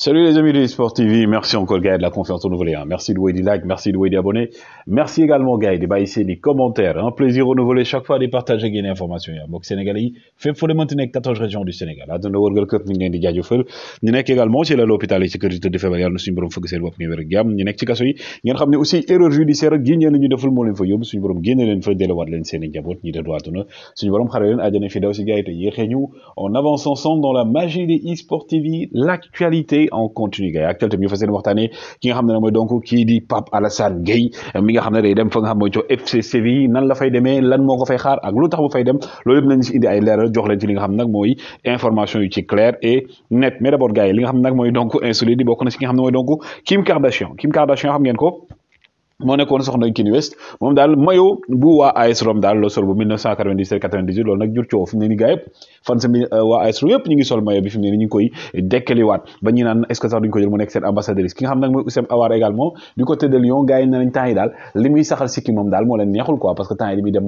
Salut les amis de Sport TV, merci encore Gaël de la confiance renouvelée. Hein. Merci de des likes, merci de des abonnés. Merci également Gaël de baisser les commentaires. Un hein. plaisir renouvelé chaque fois de partager des informations. Hein. Sénégalais, fait pour maintenir 14 régions du Sénégal. nous Nous également l'hôpital sécurité de Nous sommes Nous sommes aussi Nous sommes Nous sommes de Nous sommes Nous On avance ensemble dans la magie l'actualité en continu gars yi ak teltam ñu fas yéene waxtaane ki nga xam ne ne mooy donc kii di Pape Alassane Gueye mi xam ne day dem nga xam mooy co FC Séville la fay demee lan moo ko fay xaar ak lu tax bu fay dem loolu yëpp nañ si indi ay leeral jox leen ci li nga xam nag mooy information yu ci clair net mais d'abord gars yi li nga xam nag mooy donc insolite di bokk xam ne mooy donc Kim Kardashian Kim Kardashian xam ngeen ko moo nekkoon soxna Kini West moom daal mayo bu waa AS Rome daal loolu nag jur coow fi ne nii gars yëpp fan sa euh, waa ngi sol mayo bi fi mu ne nii ñu ngi koy dekkaliwaat ba ñu naan est ki nga xam nag moom daal neexul quoi parce que temps yi li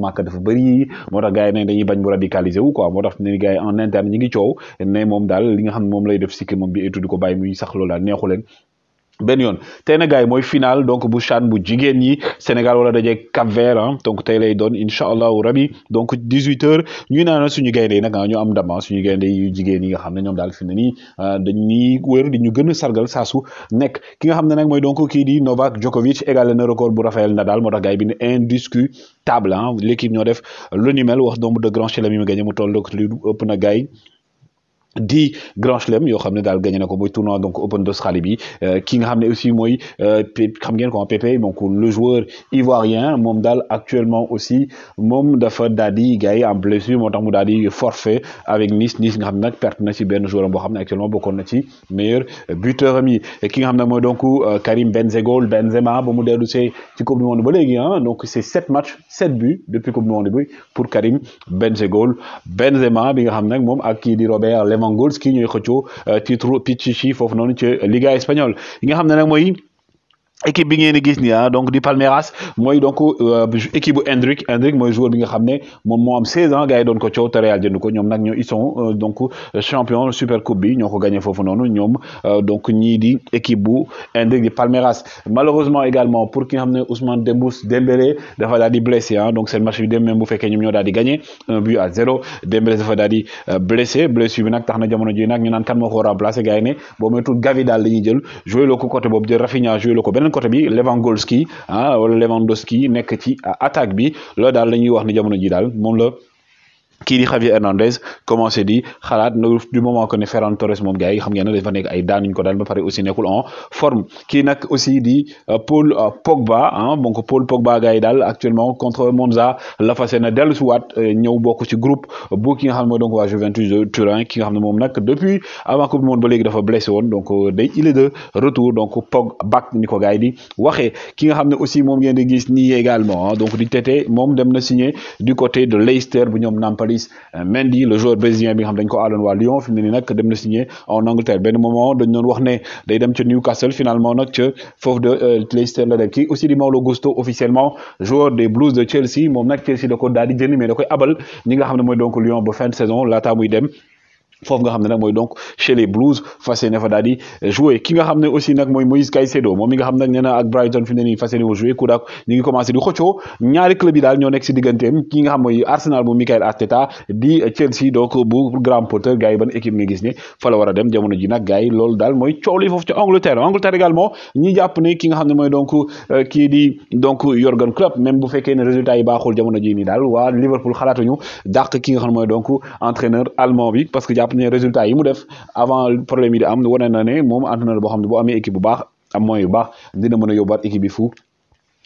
muy yi ne dañuy bañ mu ngi coow ne moom daal li nga xam moom lay def sikki moom bi étude ko bàyyi muy sax loolu daal neexu benn yoon tey na yi mooy final donc bu CHAN bu jigéen ñi Sénégal wala dajee Cap Vert donc tey lay doon incha allahu rabi donc 18 heures ñu naan suñu gaynde yi nag ah, ñu am ndam ah, suñu gaynde yu jigéen yi nga xam ne ñoom daal fi ne nii ah, dañuy wër di ñu gën a sargal saa su nekk ki nga xam ne nag mooy donc kii di Novak Djokovic égalé na record bu Rafael Nadal moo tax gars yi bi ne indiscutable ah l'équipe ñoo def lu mel wax doomu de grand chelem yi mu gagné mu toll ëpp na gars di grand chelem yo xam dal gagné nako ko tournoi donc Open d'Australie bi euh, ki nga xam aussi moy euh, xam ngeen ko pp donc le joueur ivoirien mom dal actuellement aussi mom dafa daal di en blessure motax tax mu daal di forfait avec Nice Nice nga xam nak nag perte na ci ben joueur bo xam actuellement bokon na ci meilleur buteur am ki nga xam moy donc euh, Karim Benzegol Benzema bo mu dellu see ci coupe du monde ba léegi hein donc c'est 7 sept matchs sept buts depuis coupe du monde début pour Karim Benzegol Benzema bi nga xam nak mom ak di Robert Mongols kii ñooy xëccoo euh, titre Pichichi foofu noonu ci Liga espagnole yi nga xam ne nag mooy équipe bi ngeen di gis ni ah donc di Palmeiras mooy donc euh, équipe bu Endrick Endrick mooy joueur bi nga xam ne moom moo am 16 ans gars yi doon ko coow te Real jënd ko ñoom nag ñoo ils sont euh, donc champion super coupe bi ñoo ko gagné foofu noonu ñoom euh, donc ñii di équipe bu Endrick di Palmeiras malheureusement également pour ki nga xam ne Ousmane Dembus Dembélé dafa daal di blessé ah donc seen match bi dem même bu fekkee ñoom ñoo daal di gagné un but à zéro Dembélé dafa daal di blessé blessure bi nag tax na jamono ji nag ñu naan kan moo ko remplacé gars yi ne boo moytul Gavi daal la ñuy jël joué loo ko côté boobu jël Rafinha joué loo ko beneen beneen côté bi Lewandowski ah wala Lewandowski nekk ci ah, attaque bi loolu daal la ñuy wax ni jamono ji daal moom la. qui dit Javier Hernandez commencé di dit du moment que ne Ferran Torres moom gars yi xam aussi en forme aussi di euh, Paul euh, Pogba hein, donc Paul Pogba gars yi actuellement contre Monza la un yéene euh, ñëw ci groupe bu donc Juventus de Turin ki nga depuis avant coupe du monde ba blessé donc il est de retour donc Pog back ni di aussi moom de également hein, donc di Tete moom dem na du côté de Leicester bu ñoom Patrice euh, Mendy le joueur brésilien bi nga xam dañ ko Lyon finalement mu ne nii dem na en Angleterre au moment dañ doon wax ne day dem Newcastle finalement notre ca foofu de euh, Leicester la dem aussi di Mauro Gusto officiellement joueur des Blues de Chelsea mon nag Chelsea le ko daal di mais le koy abal ñi nga xam ne mooy donc Lyon ba fin de saison laata muy dem. foofu nga xam ne nag mooy donc chez Blues fas yéene fa daal di jouer ki nga xam ne aussi nag mooy Moïse Caicedo moom mi nga xam nag ne nii mooy Arsenal Chelsea donc bu Graham Potter gars ban équipe nga gis ne fa la war dem jamono ji nag gars yi daal mooy coow li foofu Angleterre Angleterre également ñi jàpp ne ki nga xam ne mooy donc euh, kii donc Jürgen Klopp même bu fekkee ne résultat yi baaxul jamono ji nii daal waa Liverpool xalaatuñu dàq ki jàpp ne résultat yi mu def avant problème yi di am wane na ne moom entraîneur boo xam ne boo amee équipe bu baax am moyen yu baax dina mën a yóbbaat équipe bi fu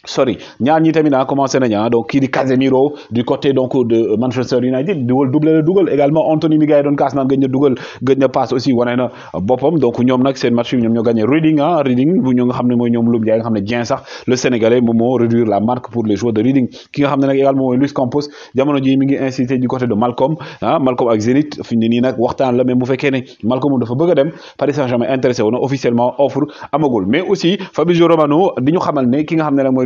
sorry ñaar ñi tamit a commencé nañ ah, donc ki di Casemiro du côté donc de Manchester United dugal doublé la également Anthony Miguel gars yi doon kaas naan gëj na dugal passe aussi woné na bopam donc ñom nak seen match ñom ñoom ñoo gagné Reading ah, Reading bu ñu nga xamné moy ñom lu nga xamné ne sax le Sénégalais moom réduire la marque pour les joueurs de Reading ki nga xamné nak également moy Luis Campos jamono ji mi ngi incité du côté de Malcolm ah Malcolm ak Zenit fi ñu ne nii waxtaan la mais bu fekkee ne Malcolm dafa bëgg dem Paris Saint-Germain intéressé wu officiellement offre amagul mais aussi Fabrizio Romano diñu xamal né, ki nga xamné nak moy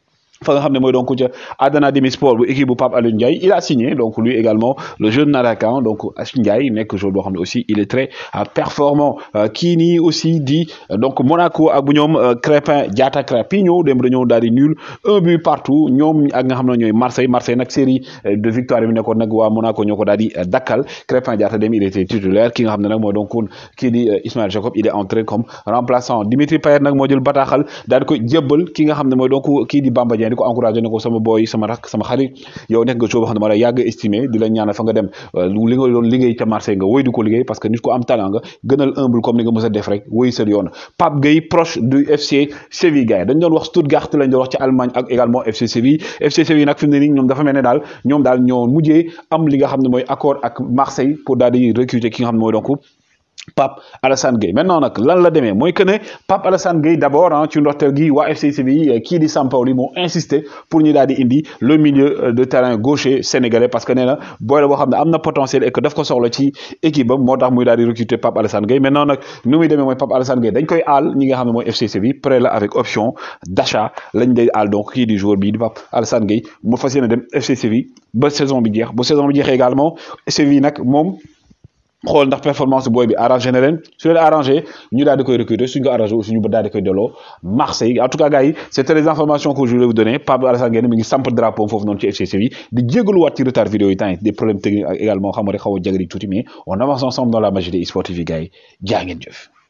fa nga xam ne donc ca Adana Demirspor bu équipe bu Pape Alioune Ndiaye il a signé donc lui également le jeune Narakan, donc Ndiaye mais joueur je xam ne aussi il est très euh, performant euh, Kini aussi di euh, donc Monaco ak bu ñoom Crépin Diatta Crépin dem dañoo di nul un but partout ñoom ak nga xam Marseille Marseille nag série de victoire mais nekkoon nag waa Monaco ñoo ko daal di Crépin Diatta Demi il était titulaire ki nga xam ne nag donc kii di Ismaël Jacob il est entré comme remplaçant Dimitri Payet nag moo jël bataaxal daal di ko jébbal ki nga donc qui di Bamba di ko encouragé ne ko sama booy sama rak sama xarit yow nekk nga coo boo nga dem euh, li ca marché nga woy di ko parce que nit ko am talent nga humble comme ni nga mës def rek woy seen yoon Pape Gueye proche du FC Séville gars yi dañ doon wax Stuttgart lañ doon wax Allemagne également FC Séville FC Séville nag fi ne nii ñoom dafa mel daal ñoom daal ñoo mujjee am li xam ne mooy accord ak Marseille pour daal di recruter ki nga xam ne mooy Pape Alassane Gueye maintenant nak, lan la demee Moi que ne Pape Alassane Gueye D'abord hein, ah ci ndorteel gi waa FC Séville qui euh, di Sampaoli m'ont insisté pour ñu d'aller indi le milieu euh, de terrain gaucher sénégalais parce que nee là. booy la boo xam potentiel et que daf ko soxla ci équipe am moo tax muy daal recruter Pape Alassane Gueye maintenant nak, nu muy demee mooy Pape Alassane Gueye dañ koy Al ñi nga xam ne FC prêt la avec option d'achat l'un lañ day aal donc kii di joueur bii di Pape Alassane Gueye Moi fas dem FC Séville ba saison bi Bonne saison bi également Séville nak, moom xool ndax performance booy bi arrangé na leen su leen arrangé ñu daal di koy recruter suñ ko arrangé aussi ñu daal di koy delloo Marseille en tout cas gars yi c'était les informations que je voulais vous donner Pape Alassane Gueye mi ngi samp drapeau foofu noonu ci FC Séville di jégaluwaat ci retard vidéo yi temps des problèmes techniques ak également xam nga rek xaw a jagari tuuti mais on avance ensemble dans la majorité des eSport gars yi jaa ngeen jëf